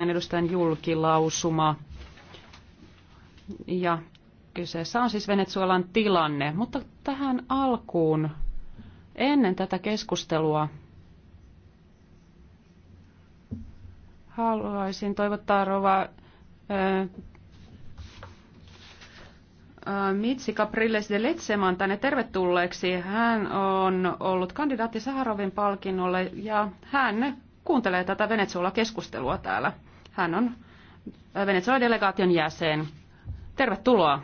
edustajan julkilausuma. Ja kyseessä on siis Venezuelan tilanne. Mutta tähän alkuun, ennen tätä keskustelua, haluaisin toivottaa Rova Mitsi Capriles de Letseman tänne tervetulleeksi. Hän on ollut kandidaatti Saharovin palkinnolle ja hän kuuntelee tätä Venezuela-keskustelua täällä. Hän on Venezuelan delegaation jäsen. Tervetuloa.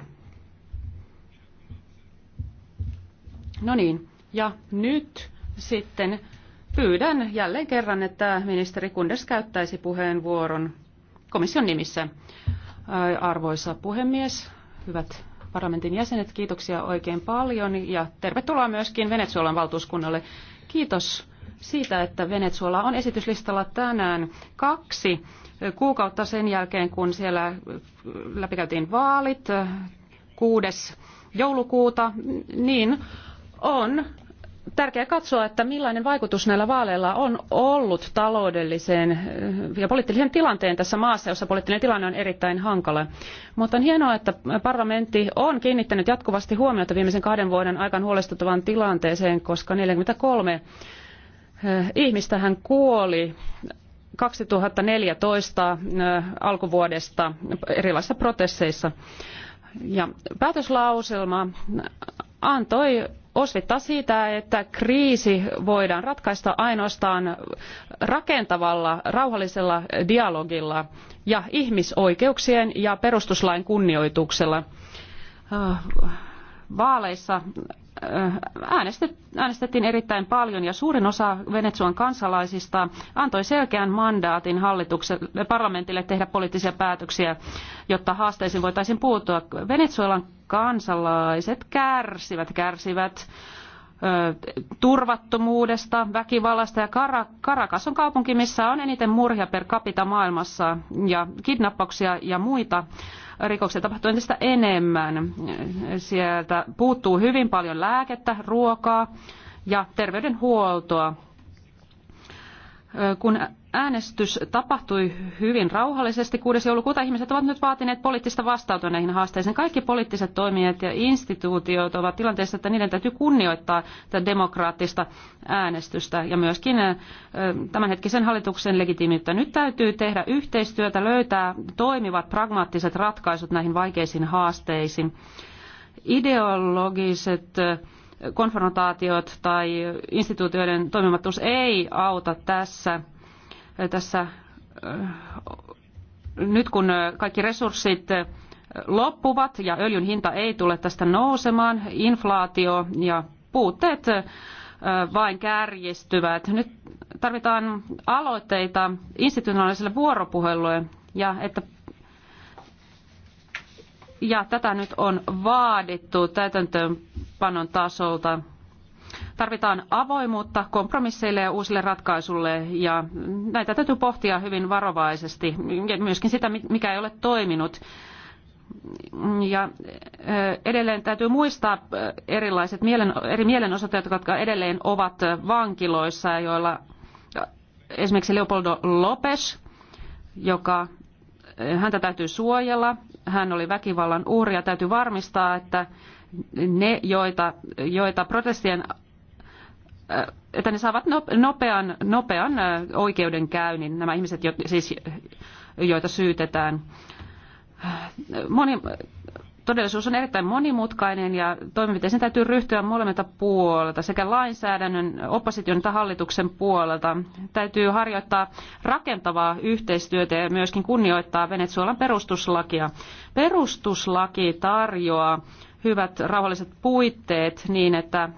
No niin, ja nyt sitten pyydän jälleen kerran, että ministeri Kundes käyttäisi puheenvuoron komission nimissä. Arvoisa puhemies, hyvät parlamentin jäsenet, kiitoksia oikein paljon ja tervetuloa myöskin Venezuelan valtuuskunnalle. Kiitos siitä, että Venezuela on esityslistalla tänään kaksi kuukautta sen jälkeen, kun siellä läpikäytiin vaalit 6. joulukuuta, niin on tärkeää katsoa, että millainen vaikutus näillä vaaleilla on ollut taloudelliseen äh, ja poliittiseen tilanteen tässä maassa, jossa poliittinen tilanne on erittäin hankala. Mutta on hienoa, että parlamentti on kiinnittänyt jatkuvasti huomiota viimeisen kahden vuoden aikaan huolestuttavaan tilanteeseen, koska 43 äh, ihmistähän kuoli 2014 alkuvuodesta erilaisissa protesseissa. Ja päätöslauselma antoi osvittaa siitä, että kriisi voidaan ratkaista ainoastaan rakentavalla, rauhallisella dialogilla ja ihmisoikeuksien ja perustuslain kunnioituksella. Vaaleissa äänestettiin erittäin paljon ja suurin osa Venezuelan kansalaisista antoi selkeän mandaatin hallitukselle, parlamentille tehdä poliittisia päätöksiä, jotta haasteisiin voitaisiin puuttua. Venezuelan kansalaiset kärsivät, kärsivät turvattomuudesta, väkivallasta ja Karakas on kaupunki, missä on eniten murhia per capita maailmassa ja kidnappauksia ja muita rikoksia tapahtuu entistä enemmän. Sieltä puuttuu hyvin paljon lääkettä, ruokaa ja terveydenhuoltoa. Kun äänestys tapahtui hyvin rauhallisesti. 6. joulukuuta ihmiset ovat nyt vaatineet poliittista vastautua näihin haasteisiin. Kaikki poliittiset toimijat ja instituutiot ovat tilanteessa, että niiden täytyy kunnioittaa tätä demokraattista äänestystä ja myöskin tämänhetkisen hallituksen legitiimiyttä. Nyt täytyy tehdä yhteistyötä, löytää toimivat pragmaattiset ratkaisut näihin vaikeisiin haasteisiin. Ideologiset konfrontaatiot tai instituutioiden toimimattomuus ei auta tässä – tässä nyt kun kaikki resurssit loppuvat ja öljyn hinta ei tule tästä nousemaan, inflaatio ja puutteet vain kärjistyvät. Nyt tarvitaan aloitteita institutionaaliselle vuoropuhelulle ja, että, ja tätä nyt on vaadittu täytäntöönpanon tasolta tarvitaan avoimuutta kompromisseille ja uusille ratkaisuille ja näitä täytyy pohtia hyvin varovaisesti ja myöskin sitä, mikä ei ole toiminut. Ja edelleen täytyy muistaa erilaiset mielen, eri mielenosoittajat, jotka edelleen ovat vankiloissa ja joilla esimerkiksi Leopoldo Lopes, joka häntä täytyy suojella, hän oli väkivallan uhri ja täytyy varmistaa, että ne, joita, joita protestien että ne saavat nopean, nopean oikeudenkäynnin, nämä ihmiset, jo, siis, joita syytetään. Moni, todellisuus on erittäin monimutkainen ja toimenpiteisiin täytyy ryhtyä molemmilta puolelta, sekä lainsäädännön, opposition että hallituksen puolelta. Täytyy harjoittaa rakentavaa yhteistyötä ja myöskin kunnioittaa Venezuelan perustuslakia. Perustuslaki tarjoaa hyvät rauhalliset puitteet niin, että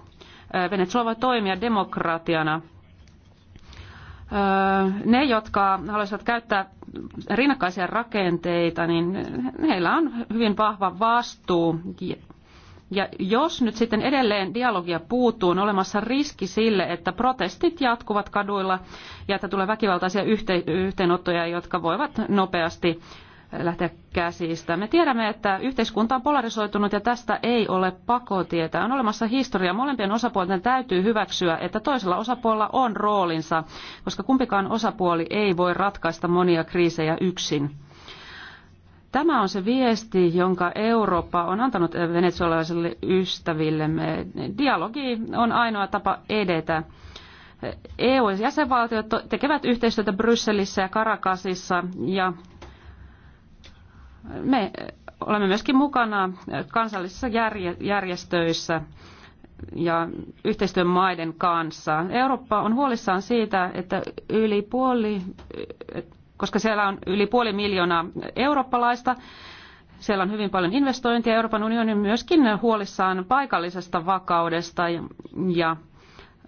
Venezuela voi toimia demokratiana. Ne, jotka haluaisivat käyttää rinnakkaisia rakenteita, niin heillä on hyvin vahva vastuu. Ja jos nyt sitten edelleen dialogia puuttuu, on olemassa riski sille, että protestit jatkuvat kaduilla ja että tulee väkivaltaisia yhteenottoja, jotka voivat nopeasti lähteä käsistä. Me tiedämme, että yhteiskunta on polarisoitunut ja tästä ei ole pakotietä. On olemassa historia. Molempien osapuolten täytyy hyväksyä, että toisella osapuolella on roolinsa, koska kumpikaan osapuoli ei voi ratkaista monia kriisejä yksin. Tämä on se viesti, jonka Eurooppa on antanut venezuelalaisille ystävillemme. Dialogi on ainoa tapa edetä. EU-jäsenvaltiot e tekevät yhteistyötä Brysselissä ja Karakasissa ja me olemme myöskin mukana kansallisissa järjestöissä ja yhteistyön maiden kanssa. Eurooppa on huolissaan siitä, että yli puoli, koska siellä on yli puoli miljoonaa eurooppalaista, siellä on hyvin paljon investointia. Euroopan unioni on myöskin huolissaan paikallisesta vakaudesta ja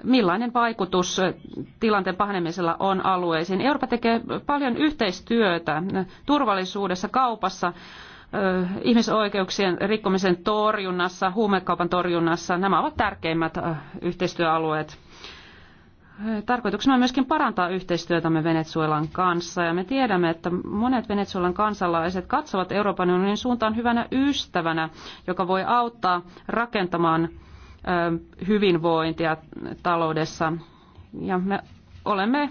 millainen vaikutus tilanteen pahenemisella on alueisiin. Eurooppa tekee paljon yhteistyötä turvallisuudessa, kaupassa, ihmisoikeuksien rikkomisen torjunnassa, huumekaupan torjunnassa. Nämä ovat tärkeimmät yhteistyöalueet. Tarkoituksena on myöskin parantaa yhteistyötämme Venezuelan kanssa ja me tiedämme, että monet Venezuelan kansalaiset katsovat Euroopan unionin suuntaan hyvänä ystävänä, joka voi auttaa rakentamaan hyvinvointia taloudessa. Ja me olemme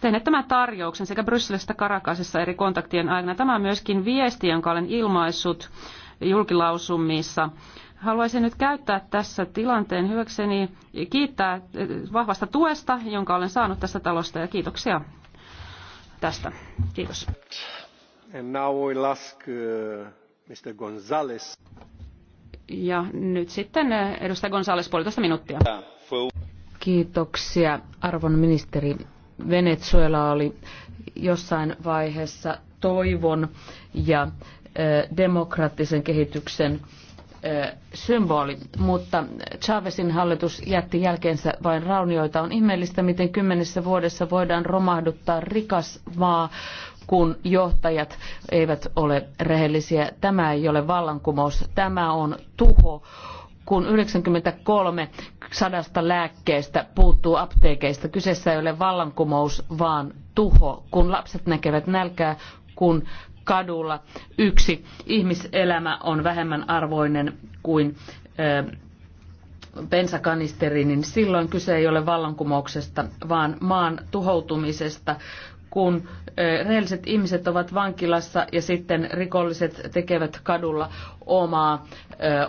tehneet tämän tarjouksen sekä Brysselissä että Karakasissa eri kontaktien aikana. Tämä on myöskin viesti, jonka olen ilmaissut julkilausumissa. Haluaisin nyt käyttää tässä tilanteen hyväkseni kiittää vahvasta tuesta, jonka olen saanut tästä talosta ja kiitoksia tästä. Kiitos. And now we'll ask, uh, Mr. Gonzalez. Ja nyt sitten eh, edustaja Gonzales puolitoista minuuttia. Kiitoksia arvon ministeri. Venezuela oli jossain vaiheessa toivon ja eh, demokraattisen kehityksen eh, symboli, mutta Chavezin hallitus jätti jälkeensä vain raunioita. On ihmeellistä, miten kymmenessä vuodessa voidaan romahduttaa rikas maa kun johtajat eivät ole rehellisiä. Tämä ei ole vallankumous, tämä on tuho kun 93 sadasta lääkkeestä puuttuu apteekeista. Kyseessä ei ole vallankumous, vaan tuho. Kun lapset näkevät nälkää, kun kadulla yksi ihmiselämä on vähemmän arvoinen kuin ö, bensakanisteri, niin silloin kyse ei ole vallankumouksesta, vaan maan tuhoutumisesta, kun rehelliset ihmiset ovat vankilassa ja sitten rikolliset tekevät kadulla omaa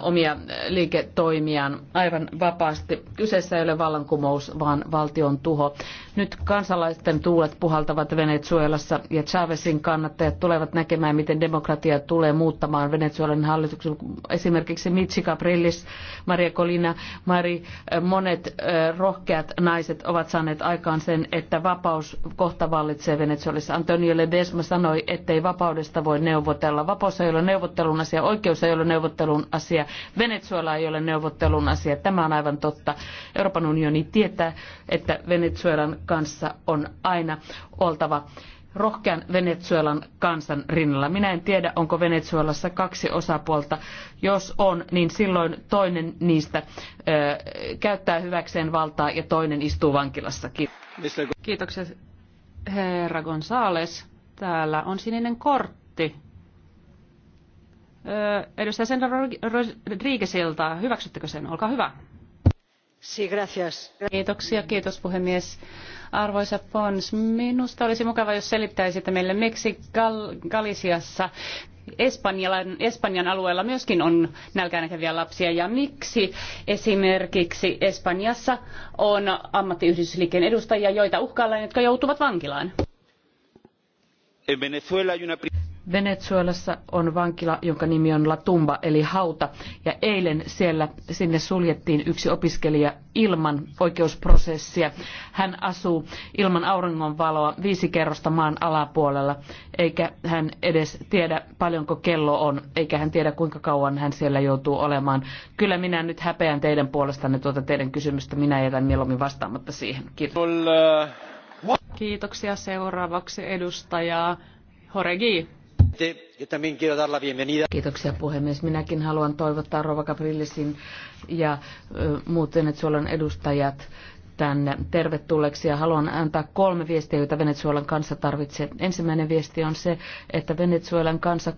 omia liiketoimiaan aivan vapaasti. Kyseessä ei ole vallankumous, vaan valtion tuho. Nyt kansalaisten tuulet puhaltavat Venezuelassa ja Chavezin kannattajat tulevat näkemään, miten demokratia tulee muuttamaan Venezuelan hallituksen. Esimerkiksi Mitsi Caprillis, Maria Colina, Mari, monet rohkeat naiset ovat saaneet aikaan sen, että vapaus kohta vallitsee Venezuelassa. Antonio Ledesma sanoi, ettei vapaudesta voi neuvotella. Vapaus ei ole neuvottelun asia, oikeus ei ole neuvottelun asia. Venezuela ei ole neuvottelun asia. Tämä on aivan totta. Euroopan unioni tietää, että Venezuelan kanssa on aina oltava rohkean Venezuelan kansan rinnalla. Minä en tiedä, onko Venezuelassa kaksi osapuolta. Jos on, niin silloin toinen niistä ö, käyttää hyväkseen valtaa ja toinen istuu vankilassa. Kiitoksia herra Gonzales. Täällä on sininen kortti edustaja Sandra Rodriguezilta. Hyväksyttekö sen? Olkaa hyvä. Kiitoksia, kiitos puhemies. Arvoisa Pons, minusta olisi mukava, jos selittäisitte meille, miksi Gal- Galisiassa Espanjan, Espanjan alueella myöskin on nälkäänäkeviä lapsia ja miksi esimerkiksi Espanjassa on ammattiyhdistysliikkeen edustajia, joita uhkaillaan, jotka joutuvat vankilaan. En Venezuela hay una... Venezuelassa on vankila, jonka nimi on La Tumba eli hauta. Ja eilen siellä sinne suljettiin yksi opiskelija ilman oikeusprosessia. Hän asuu ilman auringonvaloa viisi kerrosta maan alapuolella, eikä hän edes tiedä paljonko kello on, eikä hän tiedä kuinka kauan hän siellä joutuu olemaan. Kyllä minä nyt häpeän teidän puolestanne tuota teidän kysymystä. Minä jätän mieluummin vastaamatta siihen. Kiitos. Kiitoksia seuraavaksi edustajaa Horegi. Kiitoksia puhemies. Minäkin haluan toivottaa Rova Gabrielisin ja muut Venezuelan edustajat tänne tervetulleeksi ja haluan antaa kolme viestiä, joita Venezuelan kanssa tarvitsee. Ensimmäinen viesti on se, että Venezuelan kanssa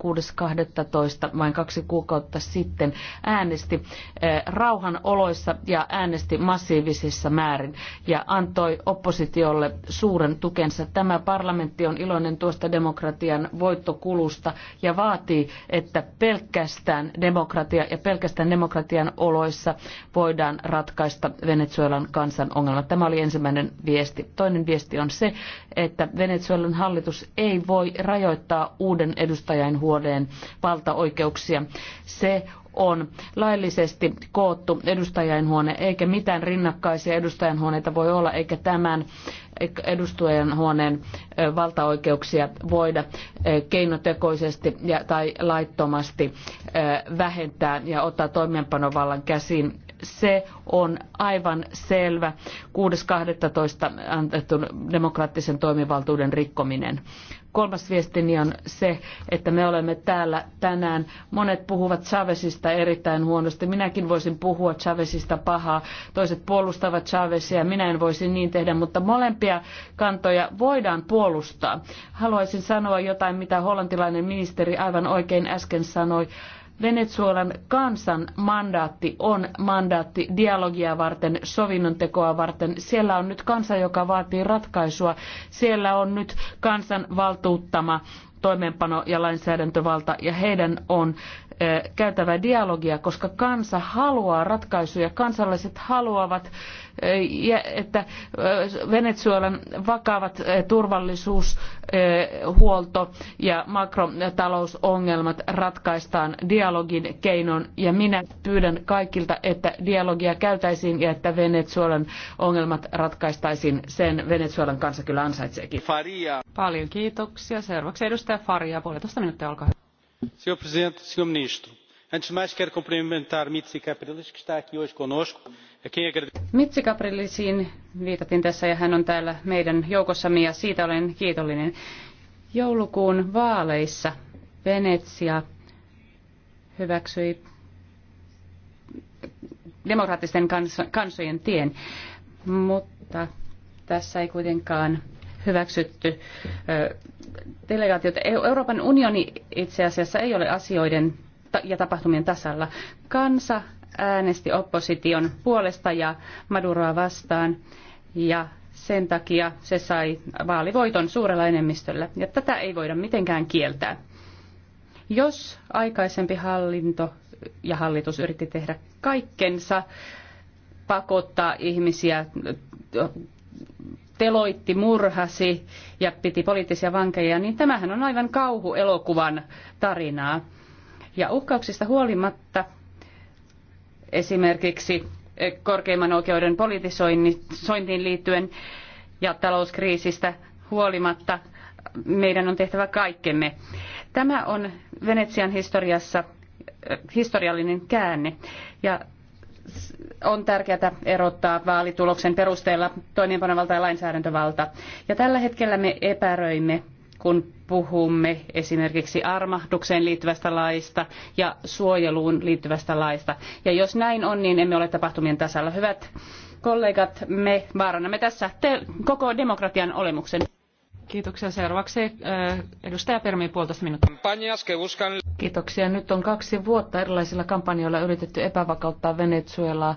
6.12. vain kaksi kuukautta sitten äänesti eh, rauhan oloissa ja äänesti massiivisissa määrin ja antoi oppositiolle suuren tukensa. Tämä parlamentti on iloinen tuosta demokratian voittokulusta ja vaatii, että pelkästään demokratia ja pelkästään demokratian oloissa voidaan ratkaista Venezuelan kansan ongelmia ongelma. Tämä oli ensimmäinen viesti. Toinen viesti on se, että Venezuelan hallitus ei voi rajoittaa uuden edustajan huoneen valtaoikeuksia. Se on laillisesti koottu edustajainhuone, eikä mitään rinnakkaisia edustajainhuoneita voi olla, eikä tämän edustajainhuoneen valtaoikeuksia voida keinotekoisesti ja, tai laittomasti vähentää ja ottaa toimeenpanovallan käsiin se on aivan selvä 6.12. antetun demokraattisen toimivaltuuden rikkominen. Kolmas viestini on se, että me olemme täällä tänään. Monet puhuvat Chavezista erittäin huonosti. Minäkin voisin puhua Chavezista pahaa. Toiset puolustavat Chavezia. Minä en voisi niin tehdä, mutta molempia kantoja voidaan puolustaa. Haluaisin sanoa jotain, mitä hollantilainen ministeri aivan oikein äsken sanoi. Venezuelan kansan mandaatti on mandaatti dialogia varten, sovinnon tekoa varten. Siellä on nyt kansa, joka vaatii ratkaisua. Siellä on nyt kansan valtuuttama toimeenpano- ja lainsäädäntövalta, ja heidän on käytävä dialogia, koska kansa haluaa ratkaisuja. Kansalaiset haluavat, että Venezuelan vakavat turvallisuushuolto ja makrotalousongelmat ratkaistaan dialogin keinon. Ja minä pyydän kaikilta, että dialogia käytäisiin ja että Venezuelan ongelmat ratkaistaisiin. Sen Venezuelan kansa kyllä ansaitseekin. Faria. Paljon kiitoksia. Seuraavaksi edustaja Faria, puolitoista minuuttia, olkaa hyvä senhor presidente senhor ministro antes de mais quero cumprimentar mitsi caprilis que está aqui hoje conosco a quem agradeço. mitsi caprilisiin viitatin tässä ja hän on täällä meidän joukossamme ja siitä olen kiitollinen. Joulukuun vaaleissa Venetsia hyväksyi demokraattisten kansojen tien, mutta tässä ei kuitenkaan hyväksytty delegaatiot. E- Euroopan unioni itse asiassa ei ole asioiden ja tapahtumien tasalla. Kansa äänesti opposition puolesta ja Maduroa vastaan ja sen takia se sai vaalivoiton suurella enemmistöllä. Ja tätä ei voida mitenkään kieltää. Jos aikaisempi hallinto ja hallitus yritti tehdä kaikkensa pakottaa ihmisiä teloitti, murhasi ja piti poliittisia vankeja, niin tämähän on aivan kauhuelokuvan tarinaa. Ja uhkauksista huolimatta esimerkiksi korkeimman oikeuden politisointiin liittyen ja talouskriisistä huolimatta meidän on tehtävä kaikkemme. Tämä on Venetsian historiassa historiallinen käänne. Ja on tärkeää erottaa vaalituloksen perusteella toimeenpanovalta ja lainsäädäntövalta. Ja tällä hetkellä me epäröimme, kun puhumme esimerkiksi armahdukseen liittyvästä laista ja suojeluun liittyvästä laista. Ja jos näin on, niin emme ole tapahtumien tasalla. Hyvät kollegat, me vaarannamme tässä koko demokratian olemuksen. Kiitoksia. Seuraavaksi äh, edustaja Permi, puolitoista minuuttia Kiitoksia. Nyt on kaksi vuotta erilaisilla kampanjoilla yritetty epävakauttaa Venezuelaa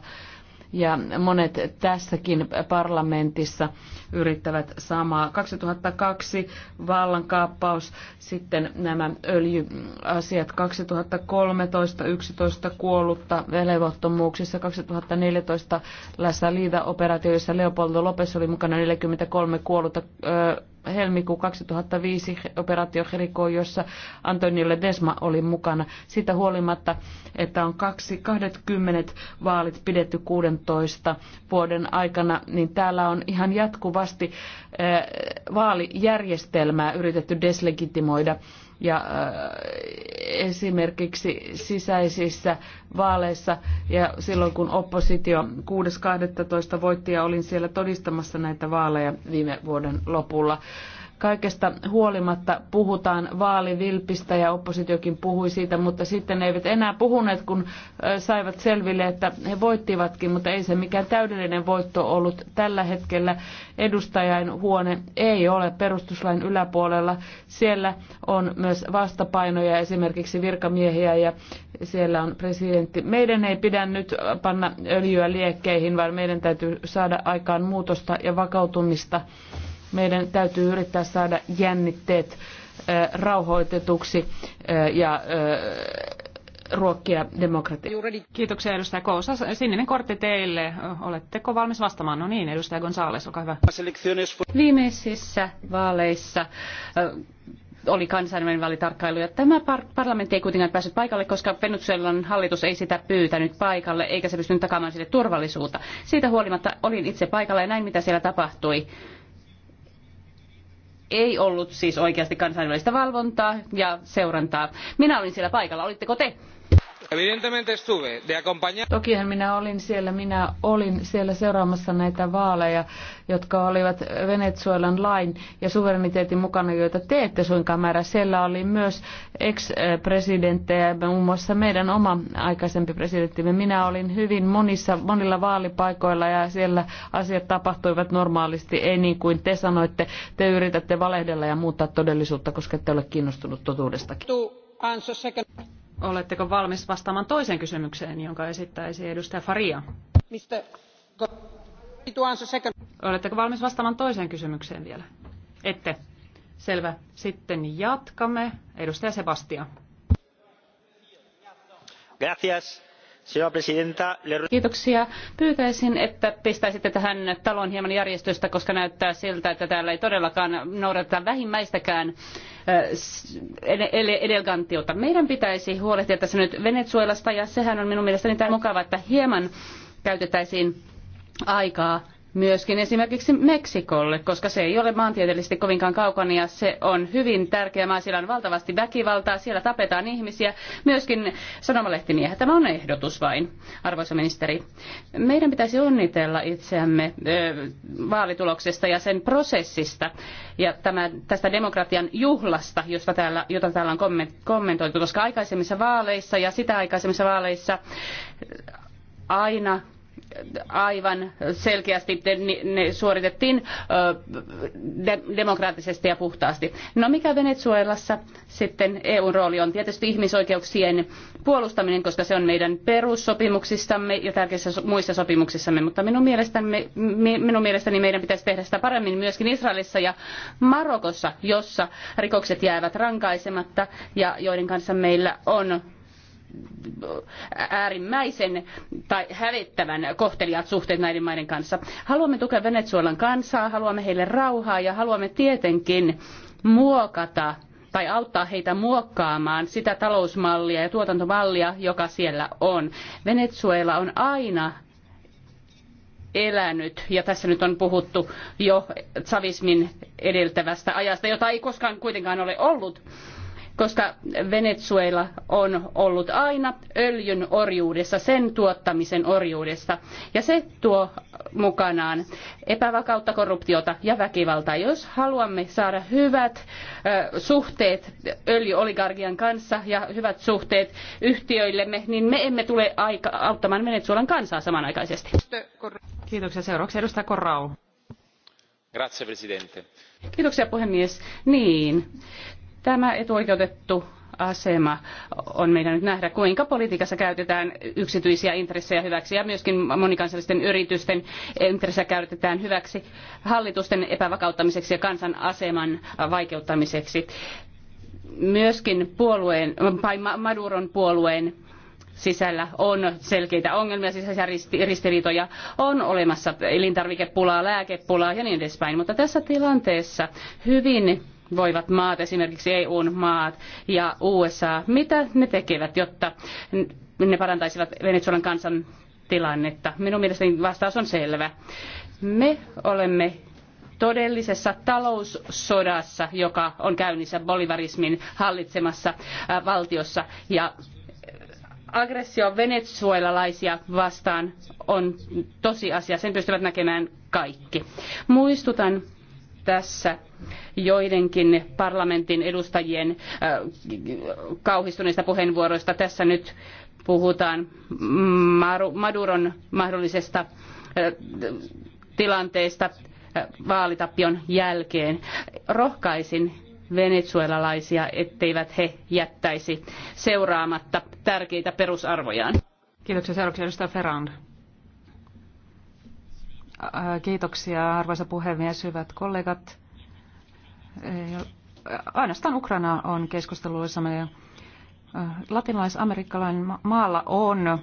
ja monet tässäkin parlamentissa yrittävät samaa. 2002 vallankaappaus, sitten nämä öljyasiat 2013, 11 kuollutta levottomuuksissa, 2014 La Salida-operaatio, jossa Leopoldo Lopes oli mukana 43 kuollutta helmikuu 2005 operaatio Heriko, jossa Antonille Desma oli mukana. Siitä huolimatta, että on kaksi, 20 vaalit pidetty 16 vuoden aikana, niin täällä on ihan jatkuvasti eh, vaalijärjestelmää yritetty deslegitimoida ja äh, esimerkiksi sisäisissä vaaleissa ja silloin kun oppositio 6.12. voitti ja olin siellä todistamassa näitä vaaleja viime vuoden lopulla. Kaikesta huolimatta puhutaan vaalivilpistä ja oppositiokin puhui siitä, mutta sitten ne eivät enää puhuneet, kun saivat selville, että he voittivatkin, mutta ei se mikään täydellinen voitto ollut. Tällä hetkellä edustajain huone ei ole perustuslain yläpuolella. Siellä on myös vastapainoja, esimerkiksi virkamiehiä ja siellä on presidentti. Meidän ei pidä nyt panna öljyä liekkeihin, vaan meidän täytyy saada aikaan muutosta ja vakautumista. Meidän täytyy yrittää saada jännitteet rauhoitetuksi ja ruokkia demokratiaa. Kiitoksia edustaja Kousa. Sininen kortti teille. Oletteko valmis vastaamaan? No niin, edustaja Gonzales, olkaa hyvä. Viimeisissä vaaleissa oli kansainvälinen vaalitarkkailu ja tämä par- parlamentti ei kuitenkaan päässyt paikalle, koska Venezuelan hallitus ei sitä pyytänyt paikalle eikä se pystynyt takaamaan sille turvallisuutta. Siitä huolimatta olin itse paikalla ja näin mitä siellä tapahtui ei ollut siis oikeasti kansainvälistä valvontaa ja seurantaa. Minä olin siellä paikalla, olitteko te? Tokihan minä olin siellä, minä olin siellä seuraamassa näitä vaaleja, jotka olivat Venezuelan lain ja suvereniteetin mukana, joita te ette suinkaan määrä. Siellä oli myös ex-presidenttejä, muun muassa meidän oma aikaisempi presidenttimme. Minä olin hyvin monissa, monilla vaalipaikoilla ja siellä asiat tapahtuivat normaalisti, ei niin kuin te sanoitte. Te yritätte valehdella ja muuttaa todellisuutta, koska ette ole kiinnostunut totuudestakin. Oletteko valmis vastaamaan toiseen kysymykseen, jonka esittäisi edustaja Faria? Mistä? Oletteko valmis vastaamaan toiseen kysymykseen vielä? Ette. Selvä. Sitten jatkamme. Edustaja Sebastian. Gracias. Kiitoksia. Pyytäisin, että pistäisitte tähän talon hieman järjestystä, koska näyttää siltä, että täällä ei todellakaan noudateta vähimmäistäkään äh, elegantiota. Meidän pitäisi huolehtia tässä nyt Venezuelasta ja sehän on minun mielestäni tämä mukava, että hieman käytettäisiin aikaa myöskin esimerkiksi Meksikolle, koska se ei ole maantieteellisesti kovinkaan kaukana ja se on hyvin tärkeä maa. Siellä on valtavasti väkivaltaa, siellä tapetaan ihmisiä, myöskin sanomalehtimiehet. Tämä on ehdotus vain, arvoisa ministeri. Meidän pitäisi onnitella itseämme vaalituloksesta ja sen prosessista ja tämä, tästä demokratian juhlasta, josta täällä, jota täällä on kommentoitu, koska aikaisemmissa vaaleissa ja sitä aikaisemmissa vaaleissa aina aivan selkeästi ne suoritettiin demokraattisesti ja puhtaasti. No mikä Venezuelassa sitten EUn rooli on? Tietysti ihmisoikeuksien puolustaminen, koska se on meidän perussopimuksissamme ja tärkeissä muissa sopimuksissamme, mutta minun mielestäni, minun mielestäni meidän pitäisi tehdä sitä paremmin myöskin Israelissa ja Marokossa, jossa rikokset jäävät rankaisematta ja joiden kanssa meillä on äärimmäisen tai hävettävän kohteliaat suhteet näiden maiden kanssa. Haluamme tukea Venezuelan kansaa, haluamme heille rauhaa ja haluamme tietenkin muokata tai auttaa heitä muokkaamaan sitä talousmallia ja tuotantomallia, joka siellä on. Venezuela on aina elänyt, ja tässä nyt on puhuttu jo savismin edeltävästä ajasta, jota ei koskaan kuitenkaan ole ollut, koska Venezuela on ollut aina öljyn orjuudessa, sen tuottamisen orjuudessa. Ja se tuo mukanaan epävakautta, korruptiota ja väkivaltaa. Jos haluamme saada hyvät suhteet öljyoligarkian kanssa ja hyvät suhteet yhtiöillemme, niin me emme tule auttamaan Venezuelan kansaa samanaikaisesti. Kiitoksia. Seuraavaksi edustaja Grazie, Presidente. Kiitoksia puhemies. Niin, Tämä etuoikeutettu asema on meidän nyt nähdä, kuinka politiikassa käytetään yksityisiä intressejä hyväksi ja myöskin monikansallisten yritysten intressejä käytetään hyväksi hallitusten epävakauttamiseksi ja kansan aseman vaikeuttamiseksi. Myöskin puolueen, Maduron puolueen sisällä on selkeitä ongelmia, sisäisiä ristiriitoja on olemassa, elintarvikepulaa, lääkepulaa ja niin edespäin. Mutta tässä tilanteessa hyvin voivat maat, esimerkiksi EUn maat ja USA, mitä ne tekevät, jotta ne parantaisivat Venezuelan kansan tilannetta? Minun mielestäni vastaus on selvä. Me olemme todellisessa taloussodassa, joka on käynnissä bolivarismin hallitsemassa valtiossa. Ja aggressio venezuelalaisia vastaan on tosiasia, sen pystyvät näkemään kaikki. Muistutan tässä joidenkin parlamentin edustajien äh, kauhistuneista puheenvuoroista. Tässä nyt puhutaan Maduron mahdollisesta äh, tilanteesta äh, vaalitappion jälkeen. Rohkaisin venezuelalaisia, etteivät he jättäisi seuraamatta tärkeitä perusarvojaan. Kiitoksia. Seuraavaksi edustaja Ferrand. Äh, kiitoksia, arvoisa puhemies, hyvät kollegat. Äh, ainoastaan Ukraina on keskusteluissamme. Äh, latinalais-amerikkalainen maalla on,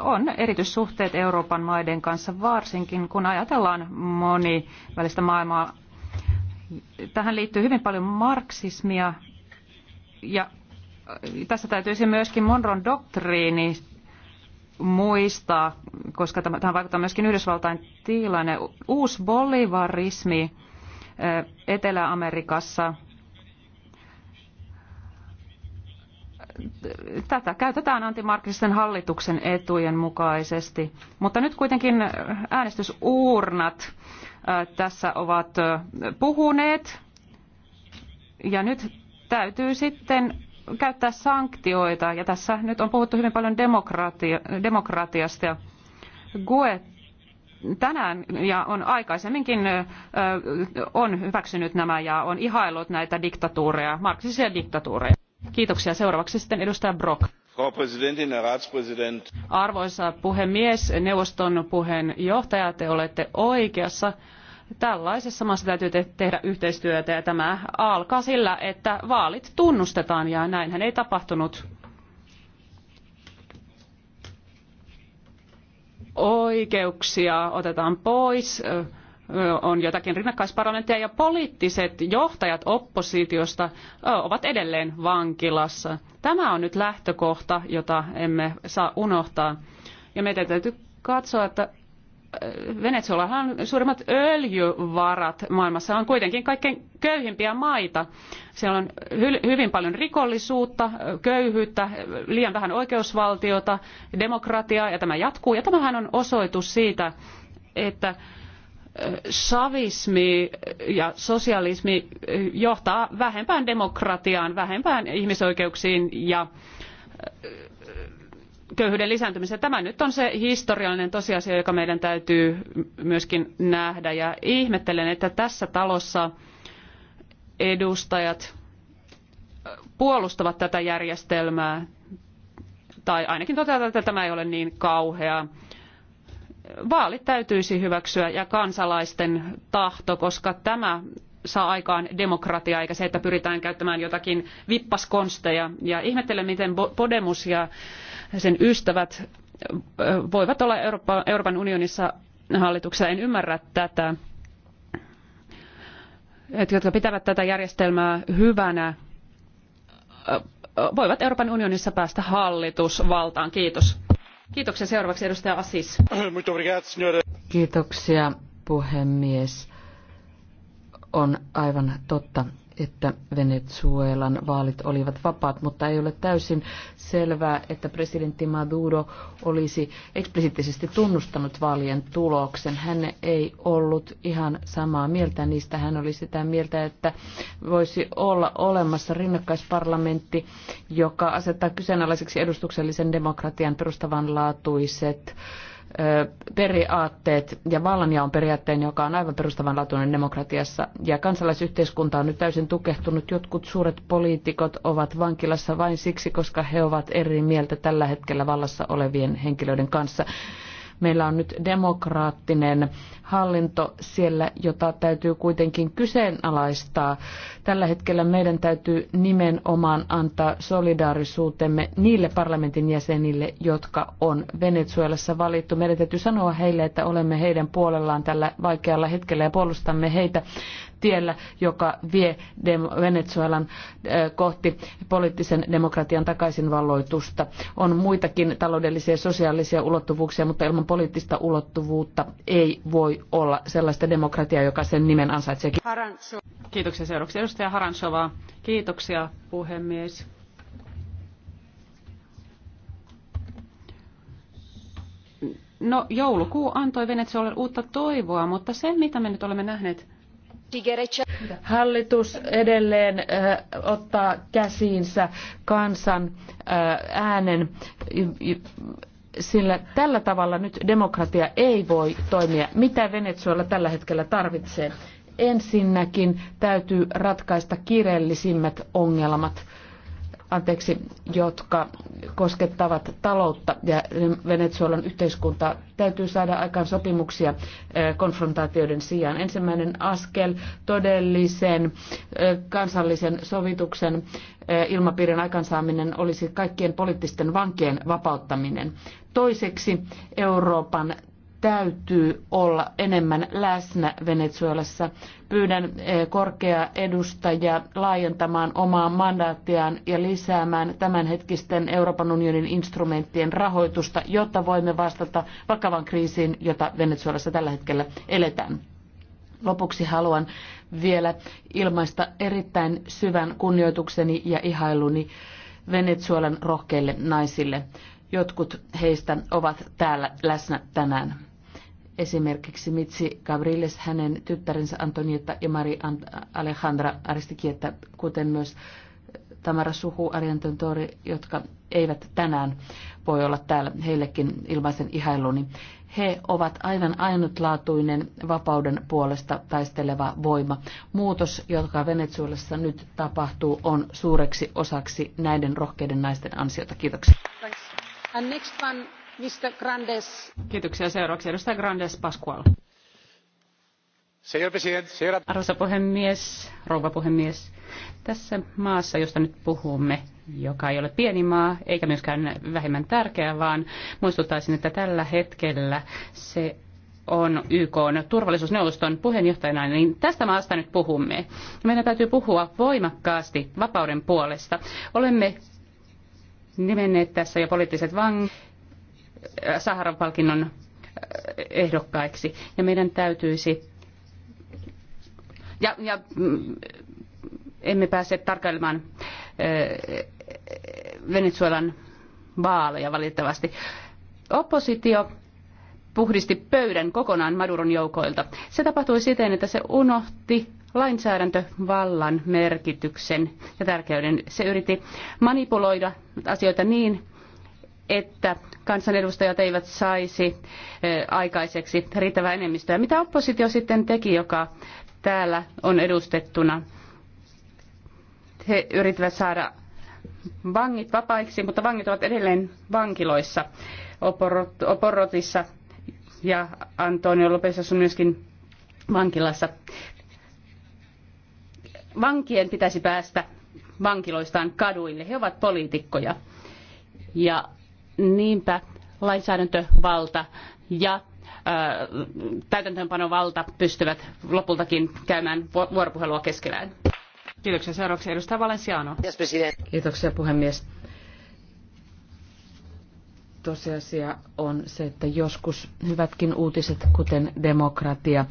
on erityissuhteet Euroopan maiden kanssa, varsinkin kun ajatellaan monivälistä maailmaa. Tähän liittyy hyvin paljon marksismia ja tässä täytyisi myöskin Monron doktriinista muistaa, koska tähän vaikuttaa myöskin Yhdysvaltain tilanne. Uusi bolivarismi Etelä-Amerikassa tätä käytetään antimarkkisten hallituksen etujen mukaisesti. Mutta nyt kuitenkin äänestysuurnat tässä ovat puhuneet. Ja nyt täytyy sitten käyttää sanktioita, ja tässä nyt on puhuttu hyvin paljon demokratia, demokratiasta, ja GUE tänään ja on aikaisemminkin on hyväksynyt nämä ja on ihaillut näitä diktatuureja, marksisia diktatuureja. Kiitoksia. Seuraavaksi sitten edustaja Brock. Arvoisa puhemies, neuvoston puheenjohtaja, te olette oikeassa. Tällaisessa maassa täytyy te- tehdä yhteistyötä ja tämä alkaa sillä, että vaalit tunnustetaan ja näinhän ei tapahtunut. Oikeuksia otetaan pois on jotakin rinnakkaisparlamentteja ja poliittiset johtajat oppositiosta ovat edelleen vankilassa. Tämä on nyt lähtökohta, jota emme saa unohtaa. Ja meidän täytyy katsoa, että Venezuelahan suurimmat öljyvarat maailmassa on kuitenkin kaikkein köyhimpiä maita. Siellä on hyvin paljon rikollisuutta, köyhyyttä, liian vähän oikeusvaltiota, demokratiaa ja tämä jatkuu. Ja tämähän on osoitus siitä, että savismi ja sosialismi johtaa vähempään demokratiaan, vähempään ihmisoikeuksiin ja köyhyyden lisääntymisen. Tämä nyt on se historiallinen tosiasia, joka meidän täytyy myöskin nähdä. Ja ihmettelen, että tässä talossa edustajat puolustavat tätä järjestelmää, tai ainakin toteavat, että tämä ei ole niin kauhea. Vaalit täytyisi hyväksyä ja kansalaisten tahto, koska tämä saa aikaan demokratiaa, eikä se, että pyritään käyttämään jotakin vippaskonsteja. Ja ihmettelen, miten Podemus ja sen ystävät voivat olla Eurooppa, Euroopan unionissa hallituksessa. En ymmärrä tätä. jotka pitävät tätä järjestelmää hyvänä, voivat Euroopan unionissa päästä hallitusvaltaan. Kiitos. Kiitoksia seuraavaksi edustaja Assis. Kiitoksia puhemies. On aivan totta, että Venezuelan vaalit olivat vapaat, mutta ei ole täysin selvää, että presidentti Maduro olisi eksplisiittisesti tunnustanut vaalien tuloksen. Hän ei ollut ihan samaa mieltä niistä. Hän oli sitä mieltä, että voisi olla olemassa rinnakkaisparlamentti, joka asettaa kyseenalaiseksi edustuksellisen demokratian perustavanlaatuiset laatuiset periaatteet ja vallanjaon periaatteen, joka on aivan perustavanlaatuinen demokratiassa. Ja kansalaisyhteiskunta on nyt täysin tukehtunut. Jotkut suuret poliitikot ovat vankilassa vain siksi, koska he ovat eri mieltä tällä hetkellä vallassa olevien henkilöiden kanssa. Meillä on nyt demokraattinen hallinto siellä, jota täytyy kuitenkin kyseenalaistaa. Tällä hetkellä meidän täytyy nimenomaan antaa solidaarisuutemme niille parlamentin jäsenille, jotka on Venezuelassa valittu. Meidän täytyy sanoa heille, että olemme heidän puolellaan tällä vaikealla hetkellä ja puolustamme heitä tiellä, joka vie Venezuelan kohti poliittisen demokratian takaisinvalloitusta. On muitakin taloudellisia ja sosiaalisia ulottuvuuksia, mutta ilman poliittista ulottuvuutta ei voi olla sellaista demokratiaa, joka sen nimen ansaitsee. Kiitoksia seuraavaksi edustaja Haransovaa. Kiitoksia puhemies. No joulukuu antoi Venezuelalle uutta toivoa, mutta se mitä me nyt olemme nähneet Hallitus edelleen ottaa käsiinsä kansan äänen, sillä tällä tavalla nyt demokratia ei voi toimia. Mitä Venezuela tällä hetkellä tarvitsee? Ensinnäkin täytyy ratkaista kirellisimmät ongelmat anteeksi, jotka koskettavat taloutta ja Venezuelan yhteiskuntaa. Täytyy saada aikaan sopimuksia eh, konfrontaatioiden sijaan. Ensimmäinen askel todellisen eh, kansallisen sovituksen eh, ilmapiirin aikansaaminen olisi kaikkien poliittisten vankien vapauttaminen. Toiseksi Euroopan täytyy olla enemmän läsnä Venezuelassa. Pyydän eh, korkea edustaja laajentamaan omaa mandaattiaan ja lisäämään tämänhetkisten Euroopan unionin instrumenttien rahoitusta, jotta voimme vastata vakavan kriisiin, jota Venezuelassa tällä hetkellä eletään. Lopuksi haluan vielä ilmaista erittäin syvän kunnioitukseni ja ihailuni Venezuelan rohkeille naisille. Jotkut heistä ovat täällä läsnä tänään. Esimerkiksi Mitsi Gabriles, hänen tyttärensä Antonietta ja Mari Alejandra Aristikietta, kuten myös Tamara Suhu, Arjanton Tori, jotka eivät tänään voi olla täällä, heillekin ilmaisen ihailuni. He ovat aivan ainutlaatuinen vapauden puolesta taisteleva voima. Muutos, joka Venezuelassa nyt tapahtuu, on suureksi osaksi näiden rohkeiden naisten ansiota. Kiitoksia. Thanks. And next one. Arvoisa puhemies, rouva puhemies, tässä maassa, josta nyt puhumme, joka ei ole pieni maa eikä myöskään vähemmän tärkeä, vaan muistuttaisin, että tällä hetkellä se on YK turvallisuusneuvoston puheenjohtajana, niin tästä maasta nyt puhumme. Meidän täytyy puhua voimakkaasti vapauden puolesta. Olemme nimenneet tässä jo poliittiset vangit Saharan-palkinnon äh, ehdokkaiksi. Ja meidän täytyisi, ja, ja mm, emme pääse tarkailemaan äh, Venezuelan vaaleja valitettavasti. Oppositio puhdisti pöydän kokonaan Maduron joukoilta. Se tapahtui siten, että se unohti lainsäädäntövallan merkityksen ja tärkeyden. Se yritti manipuloida asioita niin, että kansanedustajat eivät saisi aikaiseksi riittävää enemmistöä. Mitä oppositio sitten teki, joka täällä on edustettuna? He yrittävät saada vangit vapaiksi, mutta vangit ovat edelleen vankiloissa Oporotissa ja Antonio Lopez on myöskin vankilassa. Vankien pitäisi päästä vankiloistaan kaduille. He ovat poliitikkoja. Ja Niinpä lainsäädäntövalta ja täytäntöönpanovalta pystyvät lopultakin käymään vuoropuhelua keskenään. Kiitoksia. Seuraavaksi edustaja Valenciano. Kiitoksia puhemies tosiasia on se, että joskus hyvätkin uutiset, kuten demokratia,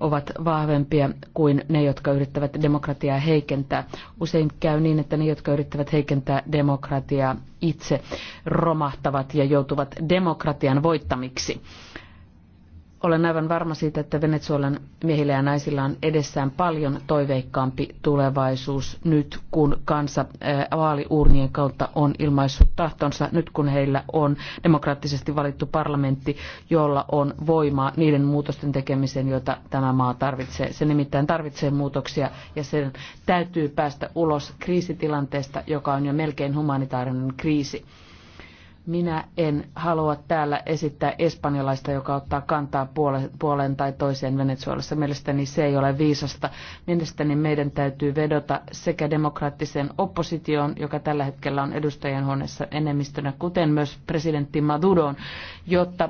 ovat vahvempia kuin ne, jotka yrittävät demokratiaa heikentää. Usein käy niin, että ne, jotka yrittävät heikentää demokratiaa, itse romahtavat ja joutuvat demokratian voittamiksi. Olen aivan varma siitä, että Venezuelan miehillä ja naisilla on edessään paljon toiveikkaampi tulevaisuus nyt, kun kansa vaaliurnien kautta on ilmaissut tahtonsa, nyt kun heillä on demokraattisesti valittu parlamentti, jolla on voimaa niiden muutosten tekemiseen, joita tämä maa tarvitsee. Se nimittäin tarvitsee muutoksia ja sen täytyy päästä ulos kriisitilanteesta, joka on jo melkein humanitaarinen kriisi. Minä en halua täällä esittää espanjalaista, joka ottaa kantaa puoleen tai toiseen Venezuelassa. Mielestäni se ei ole viisasta. Mielestäni meidän täytyy vedota sekä demokraattiseen oppositioon, joka tällä hetkellä on edustajien huoneessa enemmistönä, kuten myös presidentti Maduroon, jotta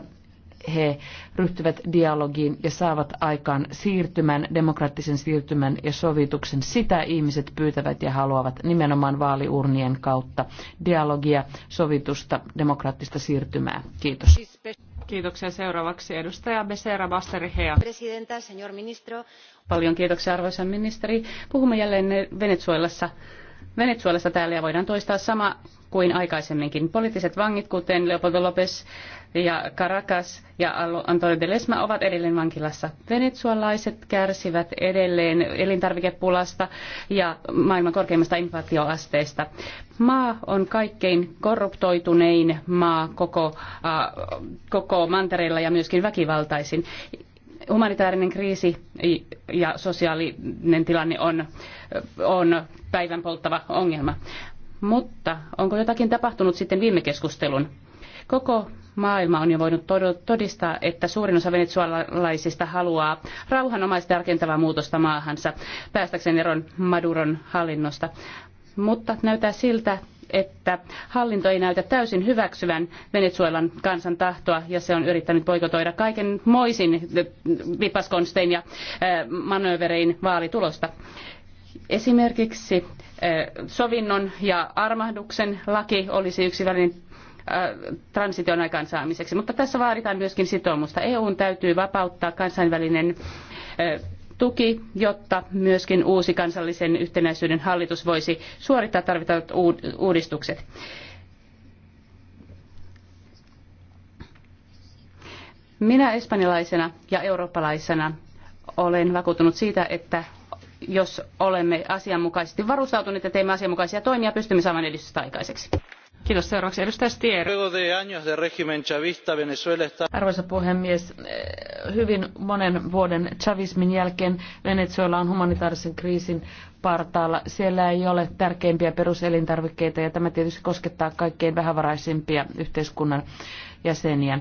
he ryhtyvät dialogiin ja saavat aikaan siirtymän, demokraattisen siirtymän ja sovituksen. Sitä ihmiset pyytävät ja haluavat nimenomaan vaaliurnien kautta dialogia, sovitusta, demokraattista siirtymää. Kiitos. Kiitoksia seuraavaksi edustaja Besera Basterihea. Paljon kiitoksia arvoisa ministeri. Puhumme jälleen Venezuelassa. Venezuelassa täällä ja voidaan toistaa sama kuin aikaisemminkin. Poliittiset vangit, kuten Leopoldo López ja Caracas ja Antonio de Lesma, ovat edelleen vankilassa. Venezuelaiset kärsivät edelleen elintarvikepulasta ja maailman korkeimmasta inflaatioasteesta. Maa on kaikkein korruptoitunein maa koko, äh, koko mantereella ja myöskin väkivaltaisin. Humanitaarinen kriisi ja sosiaalinen tilanne on, on päivän polttava ongelma. Mutta onko jotakin tapahtunut sitten viime keskustelun? Koko maailma on jo voinut todistaa, että suurin osa venezuelalaisista haluaa rauhanomaista ja rakentavaa muutosta maahansa päästäkseen eroon Maduron hallinnosta. Mutta näyttää siltä, että hallinto ei näytä täysin hyväksyvän Venezuelan kansan tahtoa ja se on yrittänyt boikotoida kaiken moisin äh, vipaskonstein ja äh, manööverein vaalitulosta. Esimerkiksi äh, sovinnon ja armahduksen laki olisi yksi väline transition aikaansaamiseksi. Mutta tässä vaaditaan myöskin sitoumusta. EUn täytyy vapauttaa kansainvälinen tuki, jotta myöskin uusi kansallisen yhtenäisyyden hallitus voisi suorittaa tarvittavat uudistukset. Minä espanjalaisena ja eurooppalaisena olen vakuuttunut siitä, että jos olemme asianmukaisesti varustautuneita ja teemme asianmukaisia toimia, pystymme saamaan edistystä aikaiseksi. Arvoisa puhemies, eh, hyvin monen vuoden chavismin jälkeen Venezuela on humanitaarisen kriisin partaalla. Siellä ei ole tärkeimpiä peruselintarvikkeita ja tämä tietysti koskettaa kaikkein vähävaraisimpia yhteiskunnan jäseniä.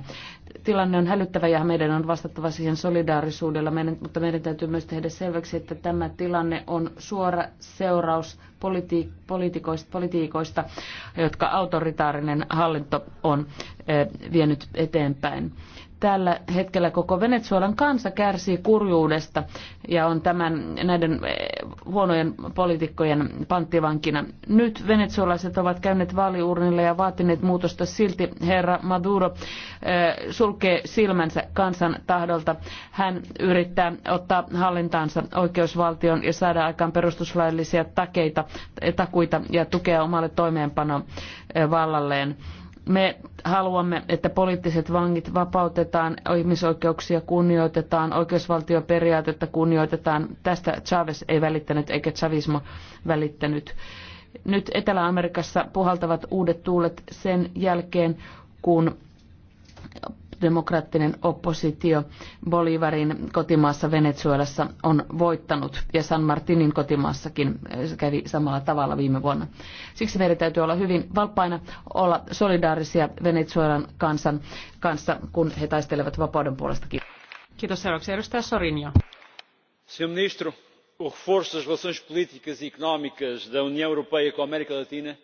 Tilanne on hälyttävä ja meidän on vastattava siihen solidaarisuudella, meidän, mutta meidän täytyy myös tehdä selväksi, että tämä tilanne on suora seuraus politi- politiikoista, politiikoista, jotka autoritaarinen hallinto on eh, vienyt eteenpäin tällä hetkellä koko Venezuelan kansa kärsii kurjuudesta ja on tämän, näiden eh, huonojen poliitikkojen panttivankina. Nyt venezuelaiset ovat käyneet vaaliurnille ja vaatineet muutosta silti herra Maduro eh, sulkee silmänsä kansan tahdolta. Hän yrittää ottaa hallintaansa oikeusvaltion ja saada aikaan perustuslaillisia takeita, takuita ja tukea omalle toimeenpano eh, vallalleen me haluamme, että poliittiset vangit vapautetaan, ihmisoikeuksia kunnioitetaan, oikeusvaltioperiaatetta kunnioitetaan. Tästä Chavez ei välittänyt eikä Chavismo välittänyt. Nyt Etelä-Amerikassa puhaltavat uudet tuulet sen jälkeen, kun demokraattinen oppositio Bolivarin kotimaassa Venezuelassa on voittanut ja San Martinin kotimaassakin eh, kävi samalla tavalla viime vuonna. Siksi meidän täytyy olla hyvin valppaina, olla solidaarisia Venezuelan kansan kanssa, kun he taistelevat vapauden puolesta. Kiitos seuraavaksi edustaja Sorinjo. Ministro, o relações políticas e económicas da União Europeia com América Latina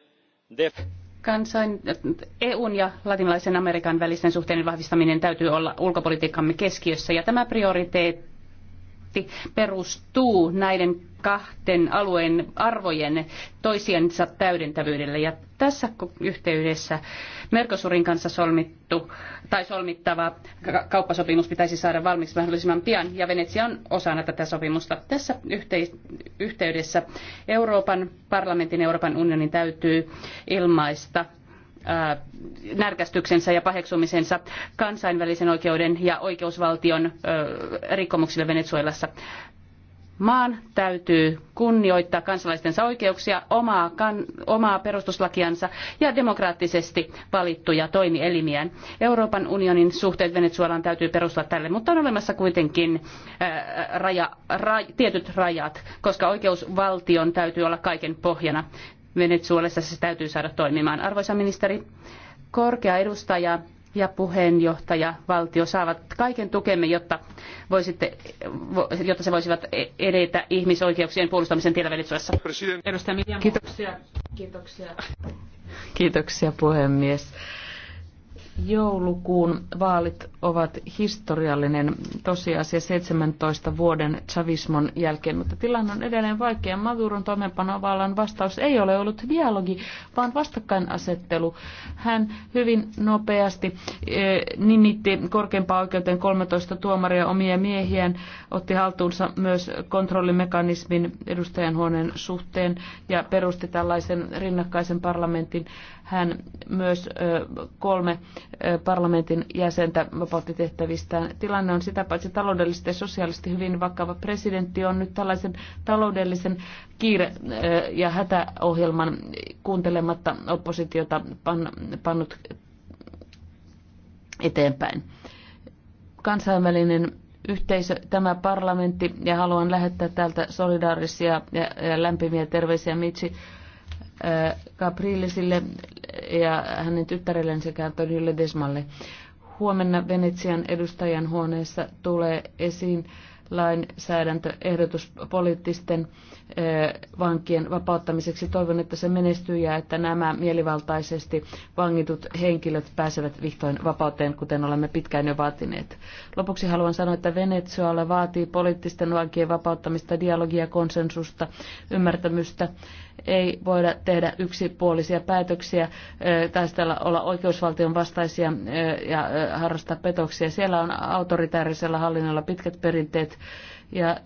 Kansain, EUn ja latinalaisen Amerikan välisten suhteiden vahvistaminen täytyy olla ulkopolitiikkamme keskiössä ja tämä prioriteetti konflikti perustuu näiden kahden alueen arvojen toisiensa täydentävyydelle. Ja tässä yhteydessä Mercosurin kanssa solmittu tai solmittava kauppasopimus pitäisi saada valmiiksi mahdollisimman pian ja Venetsia on osana tätä sopimusta. Tässä yhteydessä Euroopan parlamentin Euroopan unionin täytyy ilmaista närkästyksensä ja paheksumisensa kansainvälisen oikeuden ja oikeusvaltion rikkomuksille Venezuelassa. Maan täytyy kunnioittaa kansalaistensa oikeuksia, omaa, kan, omaa perustuslakiansa ja demokraattisesti valittuja toimielimiään. Euroopan unionin suhteet Venezuelaan täytyy perustaa tälle, mutta on olemassa kuitenkin ää, raja, ra, tietyt rajat, koska oikeusvaltion täytyy olla kaiken pohjana. Venezuelassa se täytyy saada toimimaan. Arvoisa ministeri, korkea edustaja ja puheenjohtaja valtio saavat kaiken tukemme, jotta, voisitte, jotta se voisivat edetä ihmisoikeuksien puolustamisen tiellä Venezuelassa. Kiitoksia. Kiitoksia. Kiitoksia puhemies. Joulukuun vaalit ovat historiallinen tosiasia 17 vuoden chavismon jälkeen, mutta tilanne on edelleen vaikea. Maduron toimeenpanovallan vastaus ei ole ollut dialogi, vaan vastakkainasettelu. Hän hyvin nopeasti eh, nimitti korkeimpaan oikeuteen 13 tuomaria omia miehiään, otti haltuunsa myös kontrollimekanismin edustajanhuoneen suhteen ja perusti tällaisen rinnakkaisen parlamentin hän myös kolme parlamentin jäsentä vapautti tehtävistään. Tilanne on sitä paitsi taloudellisesti ja sosiaalisesti hyvin vakava. Presidentti on nyt tällaisen taloudellisen kiire- ja hätäohjelman kuuntelematta oppositiota pannut eteenpäin. Kansainvälinen yhteisö, tämä parlamentti, ja haluan lähettää täältä solidaarisia ja lämpimiä terveisiä Mitsi Gabrielisille ja hänen tyttärelleen sekä Todille Desmalle. Huomenna Venetsian edustajan huoneessa tulee esiin lainsäädäntöehdotus poliittisten vankien vapauttamiseksi. Toivon, että se menestyy ja että nämä mielivaltaisesti vangitut henkilöt pääsevät vihdoin vapauteen, kuten olemme pitkään jo vaatineet. Lopuksi haluan sanoa, että Venezuela vaatii poliittisten vankien vapauttamista, dialogia, konsensusta, ymmärtämystä ei voida tehdä yksipuolisia päätöksiä, taistella olla oikeusvaltion vastaisia ja harrastaa petoksia. Siellä on autoritaarisella hallinnolla pitkät perinteet ja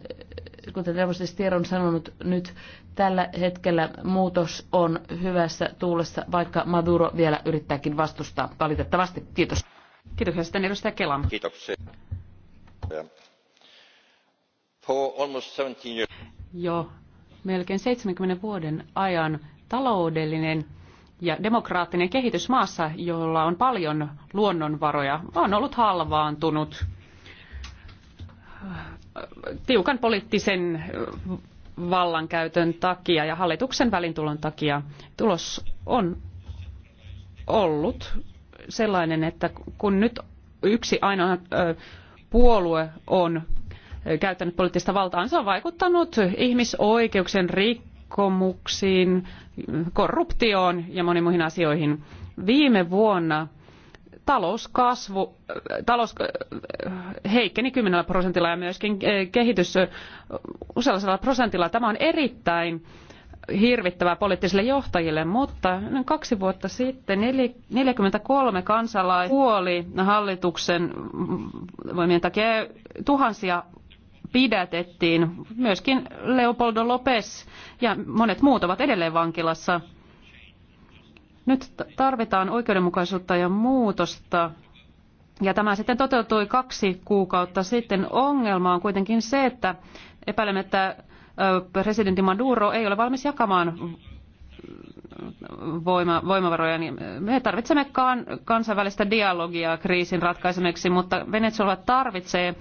kuten Devostis Stier on sanonut nyt, tällä hetkellä muutos on hyvässä tuulessa, vaikka Maduro vielä yrittääkin vastustaa valitettavasti. Kiitos. Kiitoksia sitten edustaja Kelam. Kiitoksia. Jo melkein 70 vuoden ajan taloudellinen ja demokraattinen kehitys maassa, jolla on paljon luonnonvaroja, on ollut halvaantunut tiukan poliittisen vallankäytön takia ja hallituksen välintulon takia. Tulos on ollut sellainen, että kun nyt yksi ainoa puolue on käyttänyt poliittista valtaa, niin se on vaikuttanut ihmisoikeuksien rikkomuksiin, korruptioon ja moniin muihin asioihin. Viime vuonna talouskasvu äh, talous äh, heikkeni 10 prosentilla ja myöskin äh, kehitys usealla prosentilla. Tämä on erittäin hirvittävää poliittisille johtajille, mutta kaksi vuotta sitten 43 kansalaista kuoli hallituksen voimien takia tuhansia pidätettiin. Myöskin Leopoldo Lopez ja monet muut ovat edelleen vankilassa. Nyt tarvitaan oikeudenmukaisuutta ja muutosta. Ja tämä sitten toteutui kaksi kuukautta sitten. Ongelma on kuitenkin se, että epäilemme, että presidentti Maduro ei ole valmis jakamaan voima, voimavaroja, niin me tarvitsemme kansainvälistä dialogia kriisin ratkaisemiseksi, mutta Venezuela tarvitsee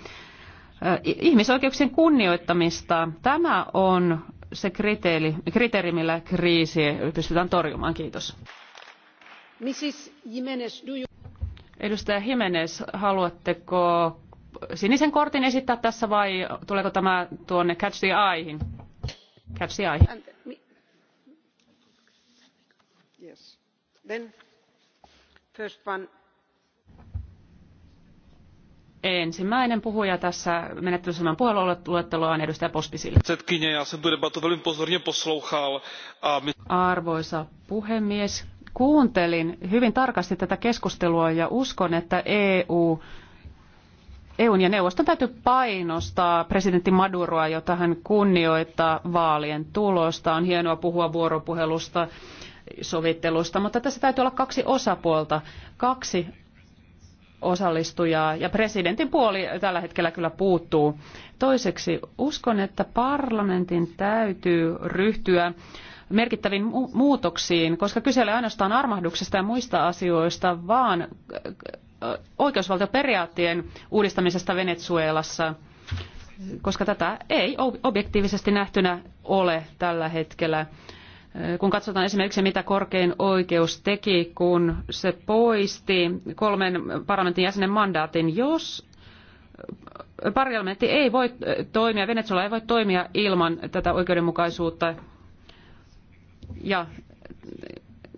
ihmisoikeuksien kunnioittamista. Tämä on se kriteeri, kriteeri millä kriisi pystytään torjumaan. Kiitos. Mrs. Jimenez, do you... Edustaja Jimenez, haluatteko sinisen kortin esittää tässä vai tuleeko tämä tuonne Catch the Eyehin? Catch the Eye. Yes. Then first one. Ensimmäinen puhuja tässä menettelysemän puolueluettelo on edustaja Pospisille. Arvoisa puhemies, kuuntelin hyvin tarkasti tätä keskustelua ja uskon, että EU EUn ja neuvoston täytyy painostaa presidentti Maduroa, jota hän kunnioittaa vaalien tulosta. On hienoa puhua vuoropuhelusta, sovittelusta, mutta tässä täytyy olla kaksi osapuolta. Kaksi osallistujaa ja presidentin puoli tällä hetkellä kyllä puuttuu. Toiseksi uskon, että parlamentin täytyy ryhtyä merkittäviin muutoksiin, koska kyse ei ainoastaan armahduksesta ja muista asioista, vaan oikeusvaltioperiaatteen uudistamisesta Venezuelassa, koska tätä ei objektiivisesti nähtynä ole tällä hetkellä kun katsotaan esimerkiksi mitä korkein oikeus teki, kun se poisti kolmen parlamentin jäsenen mandaatin, jos parlamentti ei voi toimia, Venezuela ei voi toimia ilman tätä oikeudenmukaisuutta. Ja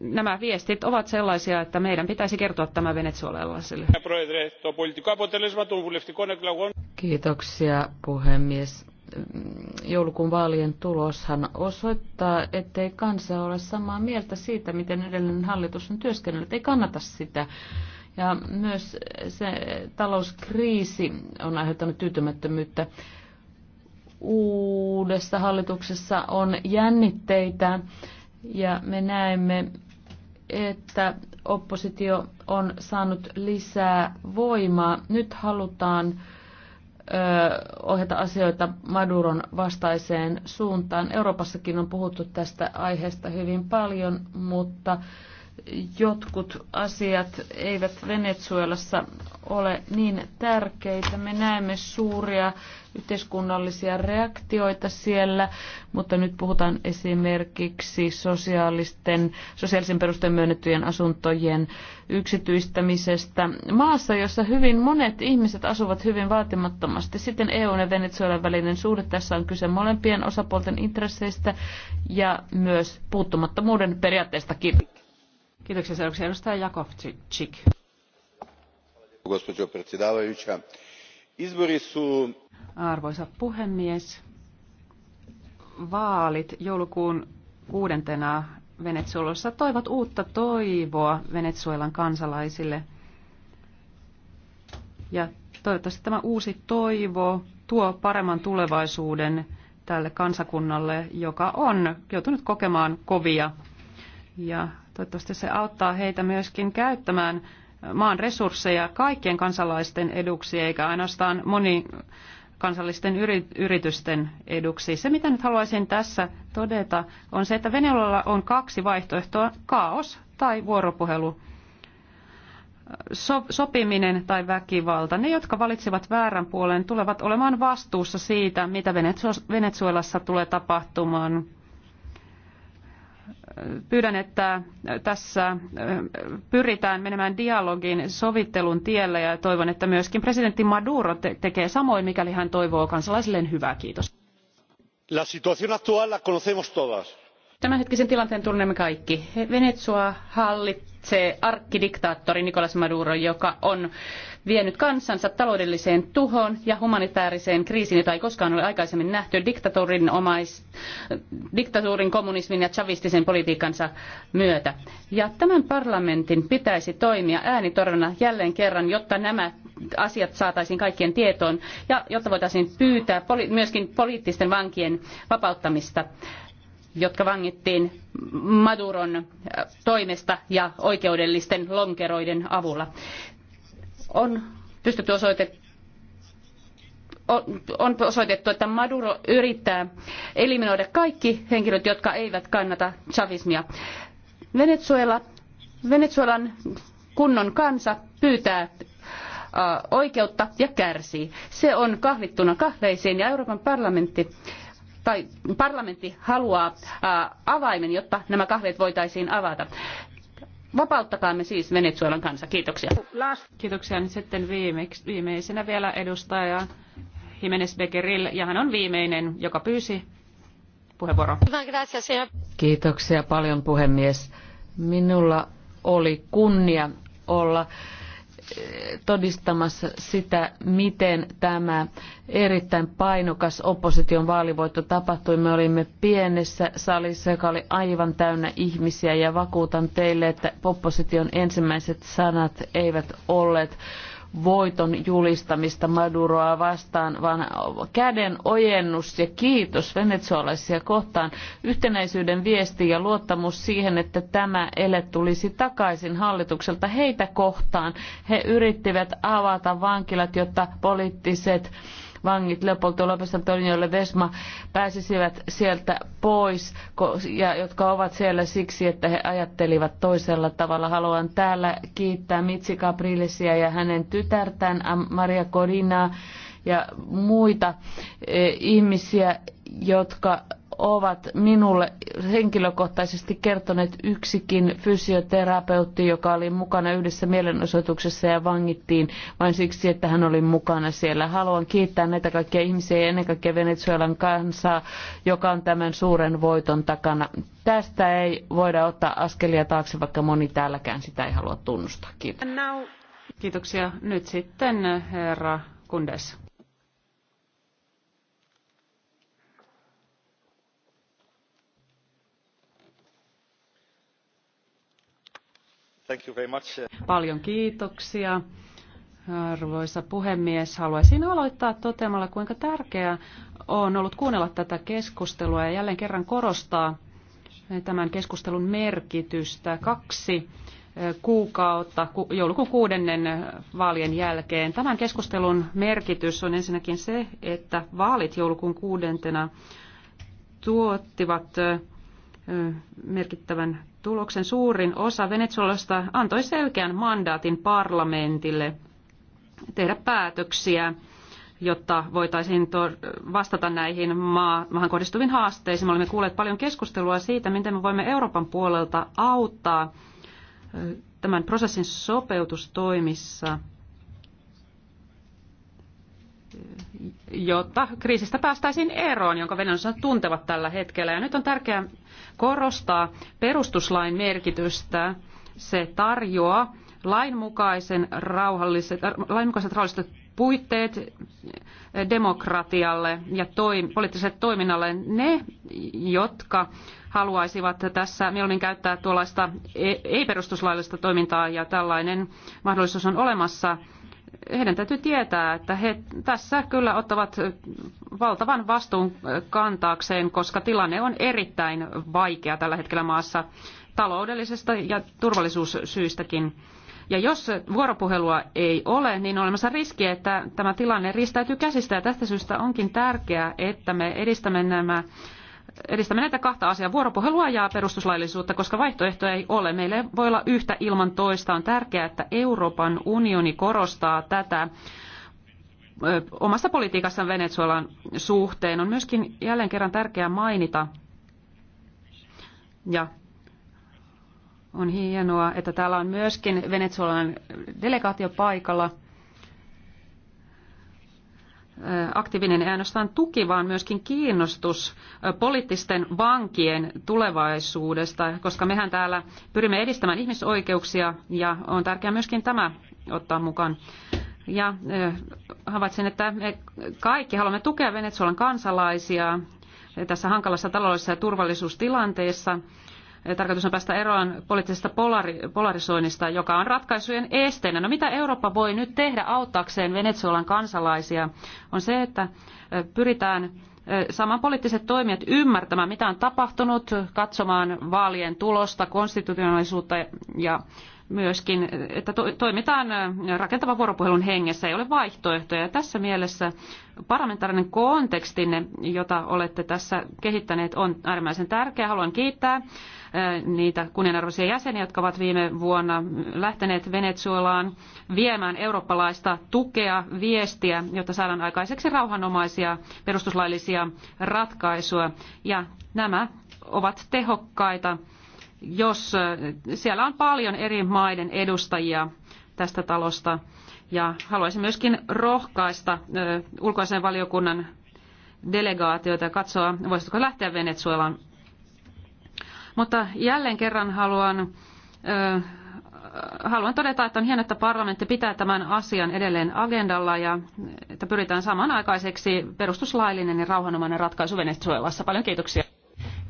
nämä viestit ovat sellaisia, että meidän pitäisi kertoa tämä venezuelalaisille. Kiitoksia puhemies Mm, joulukuun vaalien tuloshan osoittaa, ettei kansa ole samaa mieltä siitä, miten edellinen hallitus on työskennellyt. Ei kannata sitä. Ja myös se talouskriisi on aiheuttanut tyytymättömyyttä. Uudessa hallituksessa on jännitteitä ja me näemme, että oppositio on saanut lisää voimaa. Nyt halutaan ohjata asioita Maduron vastaiseen suuntaan. Euroopassakin on puhuttu tästä aiheesta hyvin paljon, mutta jotkut asiat eivät Venezuelassa ole niin tärkeitä. Me näemme suuria yhteiskunnallisia reaktioita siellä, mutta nyt puhutaan esimerkiksi sosiaalisten, sosiaalisen perusteen myönnettyjen asuntojen yksityistämisestä. Maassa, jossa hyvin monet ihmiset asuvat hyvin vaatimattomasti. Sitten EU ja Venezuelan välinen suhde. Tässä on kyse molempien osapuolten intresseistä ja myös puuttumattomuuden periaatteestakin. Kiitoksia seuraavaksi edustaja Jakovčić. Gospođo predsjedavajuća, izbori su... Arvoisa puhemies, vaalit joulukuun kuudentena Venezuelassa toivat uutta toivoa Venezuelan kansalaisille. Ja toivottavasti tämä uusi toivo tuo paremman tulevaisuuden tälle kansakunnalle, joka on joutunut kokemaan kovia ja toivottavasti se auttaa heitä myöskin käyttämään maan resursseja kaikkien kansalaisten eduksi eikä ainoastaan moni kansallisten yritysten eduksi. Se, mitä nyt haluaisin tässä todeta, on se, että Venäjällä on kaksi vaihtoehtoa, kaos tai vuoropuhelu, so- sopiminen tai väkivalta. Ne, jotka valitsevat väärän puolen, tulevat olemaan vastuussa siitä, mitä Venezuelassa tulee tapahtumaan pyydän, että tässä pyritään menemään dialogin sovittelun tielle ja toivon, että myöskin presidentti Maduro te tekee samoin, mikäli hän toivoo kansalaisilleen hyvää. Kiitos. La situación actual la conocemos todas Tämänhetkisen tilanteen tunnemme kaikki. Venezuela hallitsee arkkidiktaattori Nicolas Maduro, joka on vienyt kansansa taloudelliseen tuhoon ja humanitaariseen kriisiin, jota ei koskaan ole aikaisemmin nähty diktatuurin, omais, diktatuurin kommunismin ja chavistisen politiikkansa myötä. Ja tämän parlamentin pitäisi toimia äänitorvena jälleen kerran, jotta nämä asiat saataisiin kaikkien tietoon ja jotta voitaisiin pyytää poli- myöskin poliittisten vankien vapauttamista jotka vangittiin Maduron äh, toimesta ja oikeudellisten lonkeroiden avulla. On pystytty osoittamaan on osoitettu, että Maduro yrittää eliminoida kaikki henkilöt, jotka eivät kannata chavismia. Venezuela, Venezuelan kunnon kansa pyytää äh, oikeutta ja kärsii. Se on kahlittuna kahleisiin ja Euroopan parlamentti tai parlamentti haluaa avaimen, jotta nämä kahvet voitaisiin avata. Vapauttakaamme siis Venezuelan kanssa. Kiitoksia. Kiitoksia. Nyt sitten viimeksi, viimeisenä vielä edustaja Jimenez Becerril, ja hän on viimeinen, joka pyysi puheenvuoroa. Kiitoksia paljon puhemies. Minulla oli kunnia olla todistamassa sitä, miten tämä erittäin painokas opposition vaalivoitto tapahtui. Me olimme pienessä salissa, joka oli aivan täynnä ihmisiä ja vakuutan teille, että opposition ensimmäiset sanat eivät olleet voiton julistamista Maduroa vastaan, vaan käden ojennus ja kiitos venezuelaisia kohtaan, yhtenäisyyden viesti ja luottamus siihen, että tämä ele tulisi takaisin hallitukselta heitä kohtaan. He yrittivät avata vankilat, jotta poliittiset vangit Leopoldo Lopes Antonio Ledesma pääsisivät sieltä pois, ja jotka ovat siellä siksi, että he ajattelivat toisella tavalla. Haluan täällä kiittää Mitsi Caprilisia ja hänen tytärtään Maria Corinaa ja muita eh, ihmisiä, jotka ovat minulle henkilökohtaisesti kertoneet yksikin fysioterapeutti, joka oli mukana yhdessä mielenosoituksessa ja vangittiin vain siksi, että hän oli mukana siellä. Haluan kiittää näitä kaikkia ihmisiä ja ennen kaikkea Venezuelan kansaa, joka on tämän suuren voiton takana. Tästä ei voida ottaa askelia taakse, vaikka moni täälläkään sitä ei halua tunnustaa. Kiitos. Kiitoksia. Nyt sitten herra Kundes. Paljon kiitoksia. Arvoisa puhemies, haluaisin aloittaa toteamalla, kuinka tärkeää on ollut kuunnella tätä keskustelua ja jälleen kerran korostaa tämän keskustelun merkitystä. Kaksi eh, kuukautta joulukuun kuudennen eh, vaalien jälkeen. Tämän keskustelun merkitys on ensinnäkin se, että vaalit joulukuun kuudentena tuottivat eh, merkittävän tuloksen. Suurin osa Venezuelasta antoi selkeän mandaatin parlamentille tehdä päätöksiä, jotta voitaisiin vastata näihin maahan kohdistuviin haasteisiin. Me olemme kuulleet paljon keskustelua siitä, miten me voimme Euroopan puolelta auttaa tämän prosessin sopeutustoimissa – jotta kriisistä päästäisiin eroon, jonka venäläiset tuntevat tällä hetkellä. Ja nyt on tärkeää korostaa perustuslain merkitystä. Se tarjoaa lainmukaisen rauhalliset, äh, lainmukaiset rauhalliset puitteet demokratialle ja poliittiselle toiminnalle. Ne, jotka haluaisivat tässä mieluummin käyttää tuollaista e-, ei-perustuslaillista toimintaa ja tällainen mahdollisuus on olemassa, heidän täytyy tietää, että he tässä kyllä ottavat valtavan vastuun kantaakseen, koska tilanne on erittäin vaikea tällä hetkellä maassa taloudellisesta ja turvallisuussyistäkin. Ja jos vuoropuhelua ei ole, niin on olemassa riski, että tämä tilanne ristäytyy käsistä. Ja tästä syystä onkin tärkeää, että me edistämme nämä edistämme näitä kahta asiaa, vuoropuhelua ja perustuslaillisuutta, koska vaihtoehtoja ei ole. Meillä ei voi olla yhtä ilman toista. On tärkeää, että Euroopan unioni korostaa tätä omassa politiikassaan Venezuelan suhteen. On myöskin jälleen kerran tärkeää mainita, ja on hienoa, että täällä on myöskin Venezuelan delegaatio paikalla – aktiivinen ei ainoastaan tuki, vaan myöskin kiinnostus poliittisten vankien tulevaisuudesta, koska mehän täällä pyrimme edistämään ihmisoikeuksia ja on tärkeää myöskin tämä ottaa mukaan. Ja havaitsen, että me kaikki haluamme tukea Venezuelan kansalaisia tässä hankalassa taloudellisessa ja turvallisuustilanteessa tarkoitus on päästä eroon poliittisesta polarisoinnista, joka on ratkaisujen esteenä. No mitä Eurooppa voi nyt tehdä auttaakseen Venezuelan kansalaisia, on se, että pyritään saman poliittiset toimijat ymmärtämään, mitä on tapahtunut, katsomaan vaalien tulosta, konstitutionaalisuutta ja myöskin, että to, toimitaan rakentavan vuoropuhelun hengessä, ei ole vaihtoehtoja. Tässä mielessä parlamentaarinen kontekstinne, jota olette tässä kehittäneet, on äärimmäisen tärkeä. Haluan kiittää eh, niitä kunnianarvoisia jäseniä, jotka ovat viime vuonna lähteneet Venezuelaan viemään eurooppalaista tukea, viestiä, jotta saadaan aikaiseksi rauhanomaisia perustuslaillisia ratkaisuja. Ja nämä ovat tehokkaita jos siellä on paljon eri maiden edustajia tästä talosta. Ja haluaisin myöskin rohkaista ulkoisen valiokunnan delegaatioita ja katsoa, voisitko lähteä Venezuelaan. Mutta jälleen kerran haluan, haluan todeta, että on hienoa, että parlamentti pitää tämän asian edelleen agendalla ja että pyritään samanaikaiseksi perustuslaillinen ja rauhanomainen ratkaisu Venezuelassa. Paljon kiitoksia.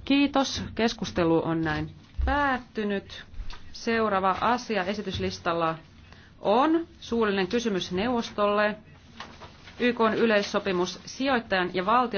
Kiitos. Keskustelu on näin päättynyt. Seuraava asia esityslistalla on suullinen kysymys neuvostolle. YK on yleissopimus sijoittajan ja valtion